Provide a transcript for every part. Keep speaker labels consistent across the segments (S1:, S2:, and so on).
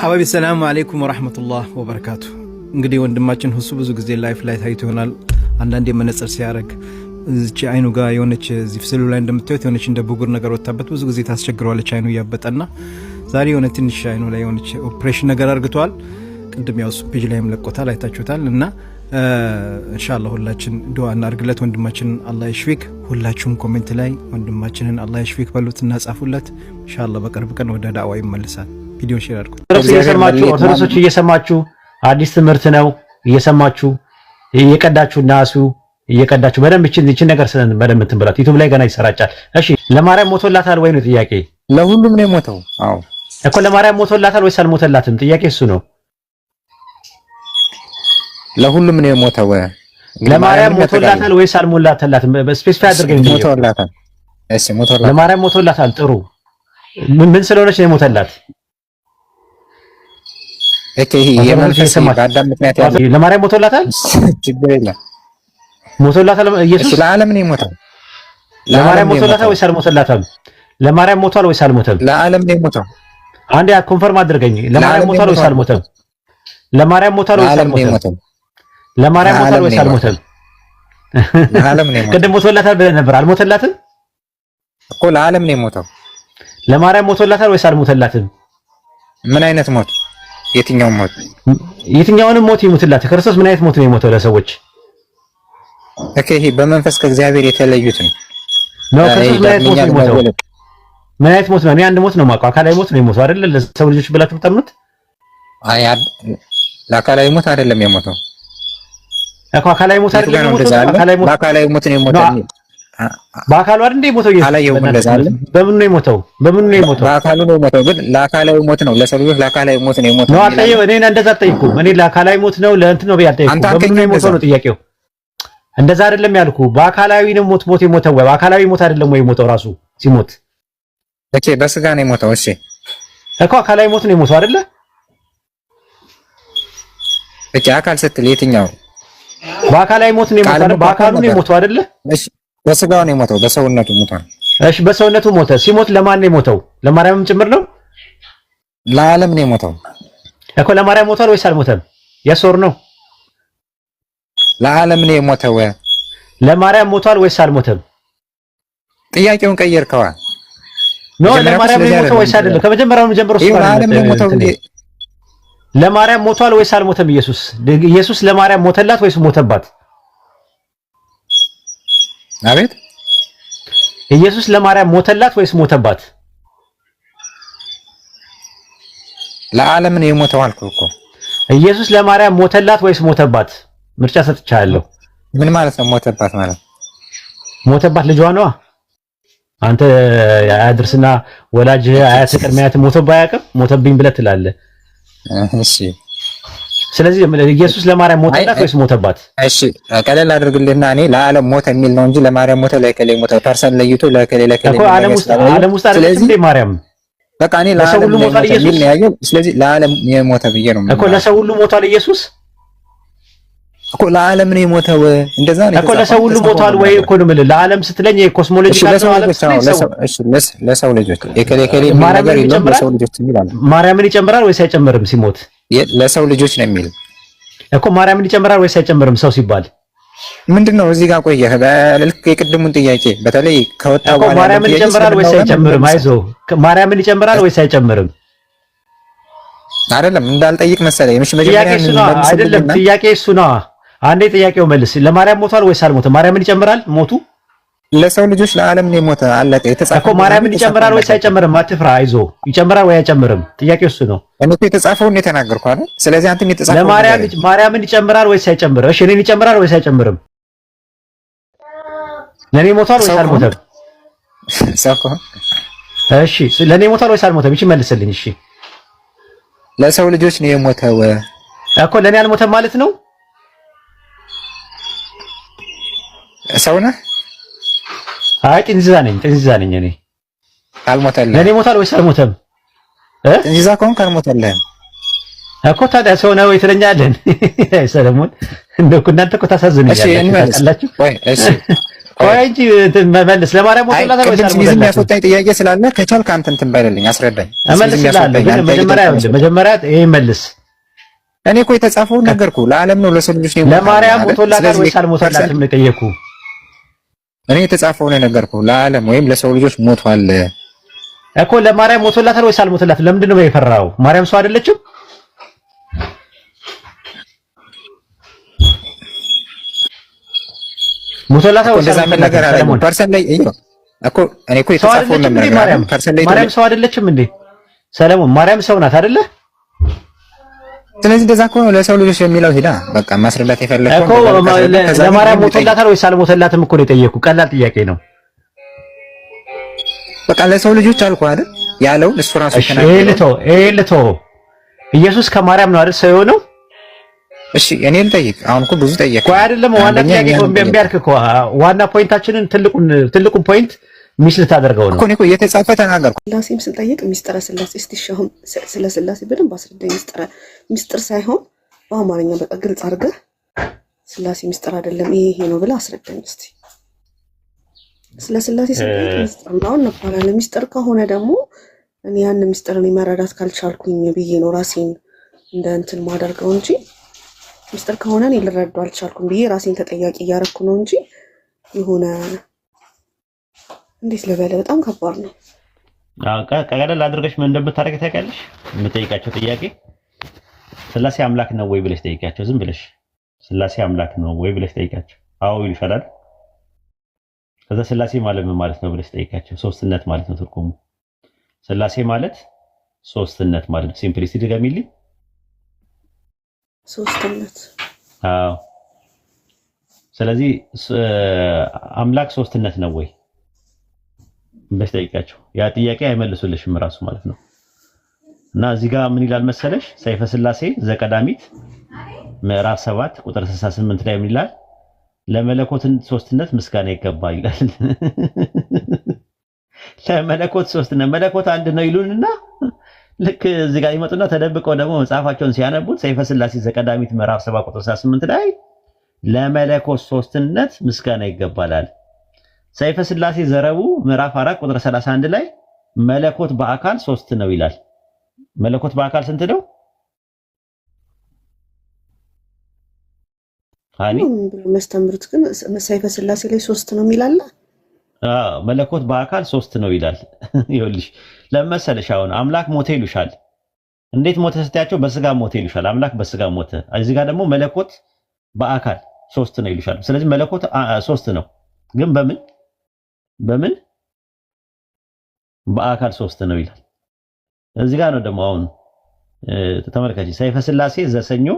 S1: ሐባቢ ሰላም አሌይኩም ወረሕመቱላህ ወበረካቱ። እንግዲህ ወንድማችን ሁሱ ብዙ ጊዜ ላይፍ ላይ ታይቶ ይሆናል። አንዳንዴ መነጽር ሲያደርግ እዚች አይኑ ጋር የሆነች እዚህ ፍስሉ ላይ እንደምታዩት የሆነች እንደ ብጉር ነገር ወታበት ብዙ ጊዜ ታስቸግረዋለች። አይኑ እያበጠና ዛሬ የሆነ ትንሽ አይኑ ላይ የሆነች ኦፕሬሽን ነገር አርግተዋል። ቅድም ያው ፔጅ ላይም ለቆታል አይታችሁታል። እና እንሻላ ሁላችን ድዋ እናርግለት ወንድማችን አላህ ይሽፊክ። ሁላችሁም ኮሜንት ላይ ወንድማችንን አላህ ይሽፊክ በሉት እና ጻፉለት። እንሻላ በቅርብ ቀን ወደ ዳዕዋ ይመልሳል። ቪዲዮ ሼር አድርጉ።
S2: እየሰማችሁ ኦርቶዶክሶች እየሰማችሁ አዲስ ትምህርት ነው እየሰማችሁ እየቀዳችሁ ናሱ እየቀዳችሁ በደንብ እቺን እቺን ነገር ስለ በደንብ እንትን ብላት ዩቲዩብ ላይ ገና ይሰራጫል። እሺ ለማርያም ሞቶላታል ወይ ነው ጥያቄ።
S3: ለሁሉም ነው የሞተው።
S2: አዎ እኮ ለማርያም ሞቶላታል ወይስ አልሞተላትም? ጥያቄ እሱ ነው።
S3: ለሁሉም ነው የሞተው።
S2: ለማርያም ሞቶላታል ወይስ አልሞላተላትም? ስፔሲፋይ አድርገኝ። ሞቶላታል። እሺ ሞቶላታል። ለማርያም ሞቶላታል። ጥሩ ምን ስለሆነች ነው የሞተላት? ለማርያም ሞቶላታል፣ ችግር የለም ሞቶላታል። ኢየሱስ
S3: ለዓለም ነው የሞተው።
S2: ለማርያም ሞቶላታል ወይስ አልሞተላታም? ለማርያም ሞቷል ወይስ አልሞተም?
S3: ለዓለም ነው የሞተው።
S2: ኮንፈርም አድርገኝ። ለማርያም ሞቷል ወይስ አልሞተም? ለማርያም ሞቷል ወይስ አልሞተም? ለማርያም ሞቷል ወይስ አልሞተም? ቅድም ሞቶላታል ብለህ ነበር። አልሞተላትም
S3: እኮ ለዓለም ነው የሞተው።
S2: ለማርያም ሞቶላታል ወይስ አልሞተላትም?
S3: ምን አይነት ሞት የትኛውን ሞት
S2: የትኛውንም ሞት ይሙትላት። ክርስቶስ ምን አይነት ሞት ነው የሞተው ለሰዎች?
S3: ኦኬ ይሄ በመንፈስ ከእግዚአብሔር የተለዩትን ነው።
S2: ክርስቶስ ምን አይነት ሞት ነው የሞተው? ምን ሞት ነው? እኔ አንድ ሞት ነው የማውቀው፣ አካላዊ ሞት ነው የሞተው አይደለ? ለሰው ልጆች ብላችሁ ብታምኑት።
S3: አይ ለአካላዊ ሞት አይደለም የሞተው። አካላዊ ሞት አይደለም የሞተው። አካላዊ ሞት ነው የሞተው
S2: በአካሉ አይደል እንደ ሞተው
S3: ይሄ እንደዛ አይደል?
S2: በምን ነው የሞተው? በምን ነው የሞተው?
S3: በአካሉ ነው የሞተው፣ ግን ለአካላዊ ሞት ነው። ለሰው ልጅ ለአካላዊ ሞት ነው የሞተው
S2: ነው። አልጠየሁም። እኔ እንደዛ አልጠየኩም። እኔ ለአካላዊ ሞት ነው ለእንትን ነው ብዬ በምን ነው የሞተው ነው ጥያቄው። እንደዛ አይደለም ያልኩ። በአካላዊ ነው ሞት ሞት የሞተው ወይ በአካላዊ ሞት አይደለም ወይ የሞተው? ራሱ ሲሞት
S3: ኦኬ፣ በስጋ ነው የሞተው። እሺ
S2: እኮ አካላዊ ሞት ነው የሞተው አይደለ?
S3: ኦኬ፣ አካል ስትል የትኛው?
S2: በአካላዊ ሞት ነው የሞተው አይደለ? በአካሉ ነው የሞተው አይደለ? እሺ
S3: በስጋው ነው የሞተው፣ በሰውነቱ ሞቷል።
S2: እሺ፣ በሰውነቱ ሞተ። ሲሞት ለማን ነው የሞተው? ለማርያምም ጭምር ነው?
S3: ለዓለም ነው የሞተው
S2: እኮ። ለማርያም ሞቷል ወይስ አልሞተም? የሶር ነው።
S3: ለዓለም ነው የሞተው።
S2: ለማርያም ሞቷል ወይስ አልሞተም?
S3: ጥያቄውን ቀየርከዋል።
S2: ኖ ለማርያም ነው የሞተው ወይስ አይደለም? ከመጀመሪያውም ጀምሮ
S3: ለዓለም ነው የሞተው።
S2: ለማርያም ሞቷል ወይስ አልሞተም? ኢየሱስ ኢየሱስ ለማርያም ሞተላት ወይስ ሞተባት? አቤት ኢየሱስ ለማርያም ሞተላት ወይስ ሞተባት?
S3: ለዓለም ነው የሞተው አልኩህ እኮ።
S2: ኢየሱስ ለማርያም ሞተላት ወይስ ሞተባት? ምርጫ ሰጥቻለሁ።
S3: ምን ማለት ነው ሞተባት ማለት?
S2: ሞተባት ልጇ ነዋ። አንተ አያድርስና ወላጅ አያት ቅድሚያት ሞተባ አያውቅም ሞተብኝ ብለህ ትላለህ። እሺ ስለዚህ ኢየሱስ ለማርያም ሞተላት ወይስ ሞተባት?
S3: እሺ ቀለል አድርግልና እኔ ለዓለም ሞተ የሚል ነው እንጂ ለማርያም ሞተ ለከሌ ሞተ ፐርሰን ለይቶ ለከሌ ለከሌ
S2: እኮ ዓለም ውስጥ ዓለም ውስጥ በቃ እኔ ለሰው ሁሉ ስለዚህ ለዓለም የሞተ ነው እኮ ለሰው ሁሉ
S3: እኮ ለዓለም ነው የሞተው። እንደዛ ነው
S2: እኮ ለሰው ሁሉ ሞቷል ወይ እኮ ነው የምልህ። ለዓለም ስትለኝ የኮስሞሎጂ ለሰው ልጆች ማርያምን ይጨምራል ወይስ አይጨምርም ሲሞት?
S3: ለሰው ልጆች ነው የሚል
S2: እኮ ማርያምን ይጨምራል ወይስ አይጨምርም? ሰው ሲባል
S3: ምንድን ነው? እዚህ ጋር ቆየ በልክ የቅድሙን ጥያቄ በተለይ ከወጣ
S2: በኋላ ማርያምን ይጨምራል ወይስ አይጨምርም? አይዞህ፣ ማርያምን ይጨምራል ወይስ አይጨምርም?
S3: አይደለም እንዳልጠይቅ መሰለኝ።
S2: የምሽ መጀመሪያ አይደለም ጥያቄ እሱ ነው። አንዴ ጥያቄው መልስ። ለማርያም ሞቷል ወይስ አልሞተም? ማርያምን ይጨምራል ሞቱ
S3: ለሰው ልጆች ለዓለም ነው ሞተ አለቀ። የተጻፈው
S2: እኮ ማርያምን ይጨምራል ወይስ አይጨምርም? አትፍራ፣ አይዞ ይጨምራል ወይ አይጨምርም? ጥያቄው እሱ ነው።
S3: እኔ እኮ የተጻፈውን ነው የተናገርኩህ አይደል? ስለዚህ አንተም የተጻፈው
S2: ለማርያም ልጅ ማርያምን ይጨምራል ወይስ አይጨምርም? እሺ፣ እኔን ይጨምራል ወይስ አይጨምርም? ለኔ ሞቷል ወይስ አልሞተም? ሰው እሺ፣ ለኔ ሞቷል ወይስ አልሞተም? እቺ መልስልኝ። እሺ፣
S3: ለሰው ልጆች ነው የሞተው
S2: እኮ ለኔ አልሞተም ማለት ነው። ሰው ነህ አይ ጥንዚዛ ነኝ፣ ጥንዚዛ ነኝ እኔ። አልሞተልህም። ለኔ ሞታል ወይስ አልሞተም?
S3: እ ጥንዚዛ ከሆንክ አልሞተልህም
S2: እኮ ታዲያ ሰው ነው ትለኛለህ። ሰለሞን እንደው እኮ እናንተ እኮ ታሳዝኑኛላችሁ። ቆይ እንጂ መልስ። ለማርያም ሞተላታል ወይስ
S3: አልሞተም? ዝም ጥያቄ ስላለ ከቻልክ አንተ እንትን ባይልልኝ አስረዳኝ።
S2: እመልስልሃለሁ፣ ግን መጀመሪያ ይኸውልህ፣ መጀመሪያ ይሄን መልስ።
S3: እኔ እኮ የተጻፈውን ነገርኩህ። ለዓለም ነው ለሰው ልጆች
S2: ነው። ለማርያም ሞተላታል ወይስ አልሞተላትም ነው የጠየኩህ
S3: እኔ የተጻፈው የተጻፈውን የነገርኩህ ለዓለም ወይም ለሰው ልጆች ሞቷል
S2: እኮ። ለማርያም ሞቶላታል ወይስ አልሞቶላትም? ለምንድን ነው የፈራው? ማርያም ሰው አይደለችም? ሞቶላታል
S3: ወይስ አልሞቶላትም? ፐርሰን ላይ እዩ እኮ እኔ እኮ የተጻፈውን ነው ላይ
S2: ማርያም ሰው አይደለችም እንዴ ሰለሞን? ማርያም ሰው ናት አይደለ?
S3: ስለዚህ እንደዛ ከሆነ ለሰው ልጆች የሚለው ሂዳ በቃ ማስረዳት የፈለከው
S2: እኮ ለማርያም ሞተላታል ወይስ አልሞተላትም እኮ ነው የጠየኩ። ቀላል ጥያቄ ነው።
S3: በቃ ለሰው ልጆች አልኩ አይደል ያለው እሱ ራሱ
S2: ተናገረ። እሺ ልቶ ልቶ ኢየሱስ ከማርያም ነው አይደል ሰው የሆነው?
S3: እሺ እኔ ልጠይቅ። አሁን እኮ ብዙ ጠየቅ
S2: እኮ አይደለም። ዋና ጥያቄ እምቢ አልክ እኮ። ዋና ፖይንታችንን ትልቁን ትልቁን ፖይንት ሚስት ልታደርገው ነው
S3: እኮ እየተጻፈ ተናገርኩ።
S4: ስላሴም ስንጠይቅ ሚስጥረ ስላሴ እስቲ አሁን ስለ ስላሴ በደንብ አስረዳኝ። ሚስጥረ ሚስጥር ሳይሆን በአማርኛ በቃ ግልጽ አድርገህ ስላሴ ሚስጥር አይደለም ይሄ ይሄ ነው ብለህ አስረዳኝ እስቲ። ስለ ስላሴ ስንጠይቅ ሚስጥር ነው እንባላለን። ሚስጥር ከሆነ ደግሞ እኔ ያን ሚስጥር እኔ መረዳት ካልቻልኩኝ ብዬ ነው ራሴን እንደ እንትን ማደርገው እንጂ ሚስጥር ከሆነ እኔ ልረዳው አልቻልኩም ብዬ ራሴን ተጠያቂ እያደረኩ ነው እንጂ የሆነ እንዴት ልበለ፣ በጣም ከባድ ነው።
S3: ቀለል አድርገሽ ምን እንደምታደርጊ ታውቂያለሽ? የምጠይቃቸው ጥያቄ ስላሴ አምላክ ነው ወይ ብለሽ ጠይቂያቸው። ዝም ብለሽ ስላሴ አምላክ ነው ወይ ብለሽ ጠይቂያቸው። አዎ ይሻላል። ከዛ ስላሴ ማለት ምን ማለት ነው ብለሽ ጠይቂያቸው። ሶስትነት ማለት ነው ትርጉሙ። ስላሴ ማለት ሶስትነት ማለት ነው። ሲምፕሊሲቲ ድገሚልኝ።
S4: ሶስትነት።
S3: አዎ። ስለዚህ አምላክ ሶስትነት ነው ወይ ብትጠይቂያቸው ያ ጥያቄ አይመልሱልሽም ራሱ ማለት ነው። እና እዚህ ጋር ምን ይላል መሰለሽ ሰይፈ ስላሴ ዘቀዳሚት ምዕራፍ ሰባት ቁጥር 68 ላይ ምን ይላል? ለመለኮትን ሶስትነት ምስጋና ይገባ ይላል። ለመለኮት ሶስትነት መለኮት አንድ ነው ይሉንና ልክ እዚህ ጋር ይመጡና ተደብቀው ደግሞ መጽሐፋቸውን ሲያነቡት ሰይፈ ስላሴ ዘቀዳሚት ምዕራፍ ሰባት ቁጥር 68 ላይ ለመለኮት ሶስትነት ምስጋና ይገባላል። ሰይፈ ስላሴ ዘረቡ ምዕራፍ 4 ቁጥር 31 ላይ መለኮት በአካል ሶስት ነው ይላል። መለኮት በአካል ስንት ነው? ሃኒ
S4: መስተምሩት ግን ሰይፈ ስላሴ ላይ ሶስት ነው የሚላል።
S3: አዎ መለኮት በአካል ሶስት ነው ይላል። ይኸውልሽ ለመሰለሽ አሁን አምላክ ሞተ ይሉሻል። እንዴት ሞተ ስትያቸው በስጋ ሞተ ይሉሻል። አምላክ በስጋ ሞተ። እዚህ ጋር ደግሞ መለኮት በአካል ሶስት ነው ይሉሻል። ስለዚህ መለኮት ሶስት ነው ግን በምን በምን በአካል ሶስት ነው ይላል። እዚህ ጋር ነው ደግሞ አሁን ተመልካች ሰይፈ ስላሴ ዘሰኞ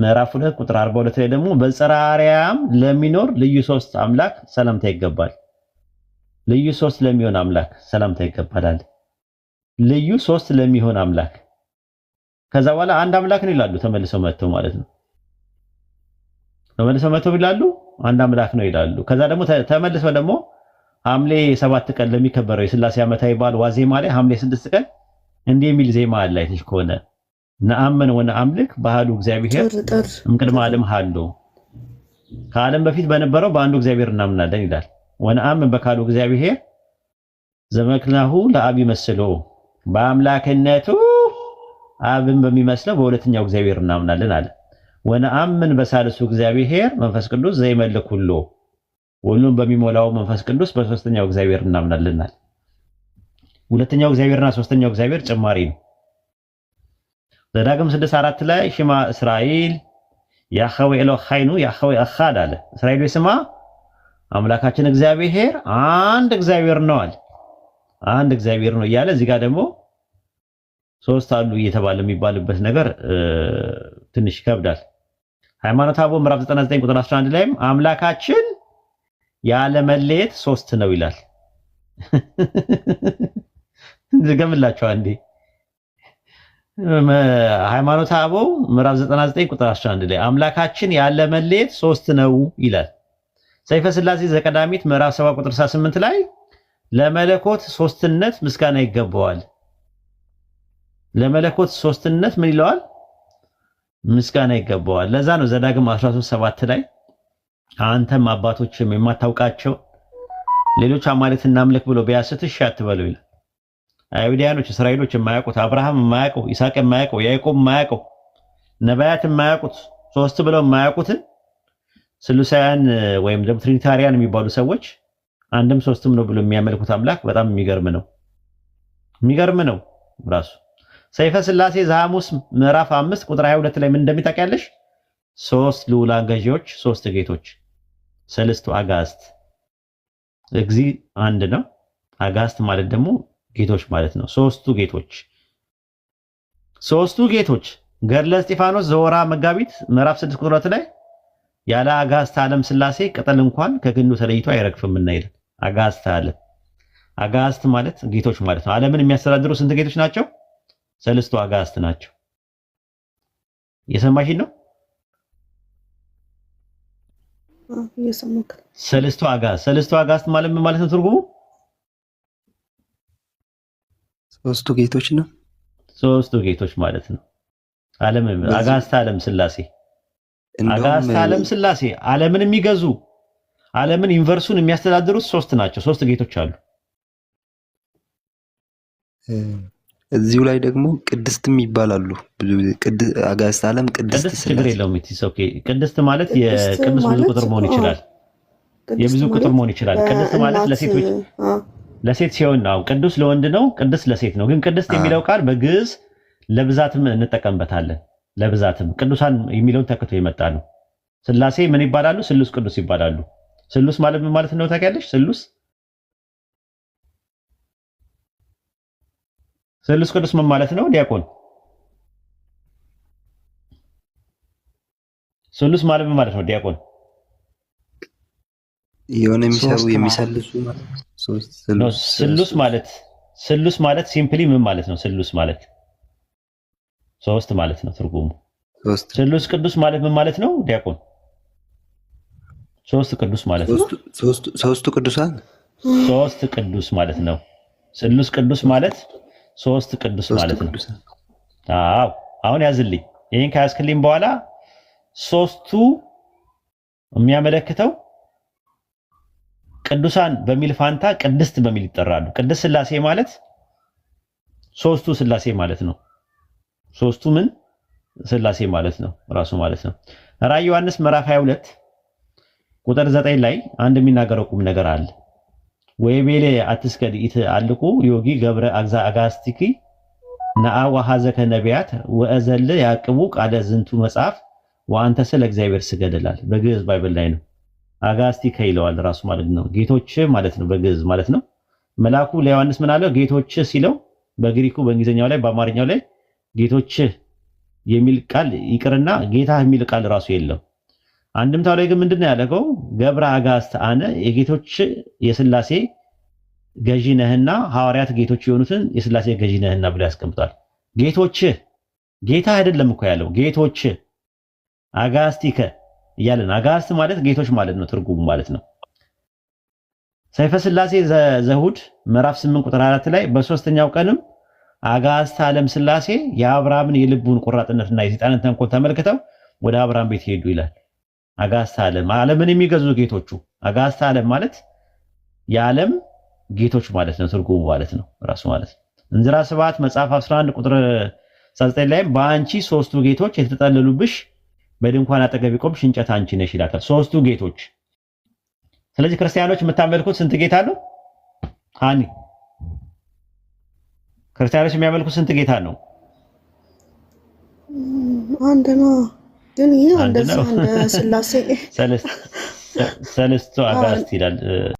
S3: ምዕራፍ ሁለት ቁጥር 42 ላይ ደግሞ በጸራሪያም ለሚኖር ልዩ ሶስት አምላክ ሰላምታ ይገባል። ልዩ ሶስት ለሚሆን አምላክ ሰላምታ ይገባላል። ልዩ ሶስት ለሚሆን አምላክ ከዛ በኋላ አንድ አምላክ ነው ይላሉ። ተመልሰው መጥተው ማለት ነው። ተመልሰው መጥተው ይላሉ አንድ አምላክ ነው ይላሉ። ከዛ ደግሞ ተመልሰው ደግሞ ሐምሌ ሰባት ቀን ለሚከበረው የስላሴ ዓመታዊ በዓል ዋዜማ ላይ ሐምሌ ስድስት ቀን እንዲህ የሚል ዜማ አለ። አይተሽ ከሆነ ነአመን ወነአምልክ ባህሉ እግዚአብሔር እምቅድመ ዓለም ሀሎ፣ ከዓለም በፊት በነበረው በአንዱ እግዚአብሔር እናምናለን ይላል። ወነአምን በካሉ እግዚአብሔር ዘመክናሁ ለአብ ይመስሎ፣ በአምላክነቱ አብን በሚመስለው በሁለተኛው እግዚአብሔር እናምናለን አለ። ወነአምን በሳልሱ እግዚአብሔር መንፈስ ቅዱስ ዘይመልክ ሁሉ ወሉን በሚሞላው መንፈስ ቅዱስ በሶስተኛው እግዚአብሔር እናምናልናል። ሁለተኛው እግዚአብሔርና ሶስተኛው እግዚአብሔር ጭማሪ ነው። ዘዳግም ስድስት አራት ላይ ሽማ እስራኤል ያኸዌ ኤሎሃይኑ ያኸዌ አኻድ አለ። እስራኤል ስማ አምላካችን እግዚአብሔር አንድ እግዚአብሔር ነው አለ። አንድ እግዚአብሔር ነው እያለ እዚህ ጋር ደግሞ ሶስት አሉ እየተባለ የሚባልበት ነገር ትንሽ ይከብዳል። ሃይማኖተ አበው ምዕራፍ 99 ቁጥር 11 ላይም አምላካችን ያለ መለየት ሶስት ነው ይላል። ገምላቸው አንዴ ሃይማኖት አበው ምዕራፍ 99 ቁጥር 11 ላይ አምላካችን ያለ መለየት ሶስት ነው ይላል። ሰይፈ ስላሴ ዘቀዳሚት ምዕራፍ 7 ቁጥር 68 ላይ ለመለኮት ሶስትነት ምስጋና ይገባዋል። ለመለኮት ሶስትነት ምን ይለዋል? ምስጋና ይገባዋል። ለዛ ነው ዘዳግም 13 7 ላይ አንተም አባቶችም የማታውቃቸው ሌሎች አማልክት እናምልክ ብሎ ቢያስትሽ አትበሉ ይላል። አይሁዲያኖች፣ እስራኤሎች የማያውቁት አብርሃም የማያውቀው ይስሐቅ የማያውቀው ያዕቆብ የማያውቀው ነቢያት የማያውቁት ሶስት ብለው የማያውቁትን ስልሳያን ወይም ደግሞ ትሪኒታሪያን የሚባሉ ሰዎች አንድም ሶስትም ነው ብሎ የሚያመልኩት አምላክ በጣም የሚገርም ነው። የሚገርም ነው ራሱ ሰይፈ ስላሴ ዘሐሙስ ምዕራፍ አምስት ቁጥር 22 ላይ ምን እንደሚታውቂያለሽ ሶስት ልዑላን ገዢዎች፣ ሶስት ጌቶች፣ ሰለስቱ አጋስት እግዚ አንድ ነው። አጋስት ማለት ደግሞ ጌቶች ማለት ነው። ሶስቱ ጌቶች ሶስቱ ጌቶች ገድለ እስጢፋኖስ ዘወራ መጋቢት ምዕራፍ 6 ቁጥር ላይ ያለ አጋስት ዓለም ስላሴ ቅጠል እንኳን ከግንዱ ተለይቶ አይረግፍም ይላል። አጋስት አለ አጋስት ማለት ጌቶች ማለት ነው። ዓለምን የሚያስተዳድሩ ስንት ጌቶች ናቸው? ሰለስቱ አጋስት ናቸው። የሰማሽን ነው። ሰለስቱ አጋ ሰለስቱ አጋዕዝት ማለት ምን ማለት ነው? ትርጉሙ ሶስቱ ጌቶች ነው። ሶስቱ ጌቶች ማለት ነው። ዓለም አጋዕዝተ ዓለም ስላሴ አጋዕዝተ ዓለም ስላሴ ዓለምን የሚገዙ ዓለምን ዩኒቨርሱን የሚያስተዳድሩት ሶስት ናቸው። ሶስት ጌቶች አሉ። እዚሁ ላይ ደግሞ ቅድስትም ይባላሉ። ብዙ አጋዕዝተ ዓለም ቅድስት ችግር የለውም። ቅድስት ማለት የቅዱስ ብዙ ቁጥር መሆን ይችላል። የብዙ ቁጥር መሆን ይችላል። ቅድስት ማለት ለሴቶች ለሴት ሲሆን ነው። ቅዱስ ለወንድ ነው፣ ቅድስት ለሴት ነው። ግን ቅድስት የሚለው ቃል በግዕዝ ለብዛትም እንጠቀምበታለን። ለብዛትም ቅዱሳን የሚለውን ተክቶ የመጣ ነው። ስላሴ ምን ይባላሉ? ስሉስ ቅዱስ ይባላሉ። ስሉስ ማለት ምን ማለት ነው ታውቂያለሽ? ስሉስ ስሉስ ቅዱስ ምን ማለት ነው? ዲያቆን ስሉስ ማለት ምን ማለት ነው? ዲያቆን የሆነ የሚሰሩ የሚሰልሱ ማለት ነው። ስሉስ ማለት ስሉስ ማለት ሲምፕሊ ምን ማለት ነው? ስሉስ ማለት ሶስት ማለት ነው ትርጉሙ። ስሉስ ቅዱስ ማለት ምን ማለት ነው? ዲያቆን ሶስት ቅዱስ ማለት ነው። ሶስቱ ቅዱሳን ሶስት ቅዱስ ማለት ነው። ስሉስ ቅዱስ ማለት ሶስት ቅዱስ ማለት ነው። አዎ አሁን ያዝልኝ። ይህን ከያዝክልኝ በኋላ ሶስቱ የሚያመለክተው ቅዱሳን በሚል ፋንታ ቅድስት በሚል ይጠራሉ። ቅድስት ስላሴ ማለት ሶስቱ ስላሴ ማለት ነው። ሶስቱ ምን ስላሴ ማለት ነው ራሱ ማለት ነው። ራ ዮሐንስ ምዕራፍ 22 ቁጥር 9 ላይ አንድ የሚናገረው ቁም ነገር አለ። ወይቤሌ አትስከድ አልቁ ዮጊ ገብረ አጋስቲኪ ነአ ወሃዘከ ነቢያት ወእዘል ያቅቡ ቃለ ዝንቱ መጽሐፍ ወአንተ ስለ እግዚአብሔር ስገደላል። በግዕዝ ባይብል ላይ ነው። አጋስቲከ ይለዋል ራሱ ማለት ነው። ጌቶች ማለት ነው በግዕዝ ማለት ነው። መልአኩ ለዮሐንስ ምን አለው? ጌቶች ሲለው በግሪኩ በእንግሊዝኛው ላይ በአማርኛው ላይ ጌቶች የሚል ቃል ይቅርና ጌታ የሚል ቃል ራሱ የለው። አንድምታው ላይ ግን ምንድን ነው ያደረገው? ገብረ አጋዕዝተ አነ የጌቶች የስላሴ ገዢ ነህና ሐዋርያት ጌቶች የሆኑትን የስላሴ ገዢ ነህና ብሎ ያስቀምጧል። ጌቶች ጌታ አይደለም እኮ ያለው ጌቶች አጋስቲከ እያለን አጋዕዝት ማለት ጌቶች ማለት ነው፣ ትርጉሙ ማለት ነው። ሰይፈ ስላሴ ዘሁድ ምዕራፍ 8 ቁጥር 4 ላይ በሶስተኛው ቀንም አጋዕዝተ ዓለም ስላሴ የአብርሃምን የልቡን ቁራጥነትና የሰይጣንን ተንኮል ተመልክተው ወደ አብርሃም ቤት ሄዱ ይላል። አጋስታ ዓለም ዓለምን የሚገዙ ጌቶቹ። አጋስታ ዓለም ማለት የዓለም ጌቶች ማለት ነው፣ ትርጉሙ ማለት ነው ራሱ ማለት ነው። እንዝራ ስብሐት መጽሐፍ 11 ቁጥር 19 ላይም በአንቺ ሶስቱ ጌቶች የተጠለሉብሽ በድንኳን አጠገብ የቆምሽ እንጨት አንቺ ነሽ ይላታል። ሶስቱ ጌቶች። ስለዚህ ክርስቲያኖች የምታመልኩት ስንት ጌታ ነው? ሃኒ ክርስቲያኖች የሚያመልኩት ስንት ጌታ ነው?
S4: አንድ ነው። ግን ይህ እንደዛ እንደ ስላሴ
S3: ሰለስቱ አጋዕዝት ይላል።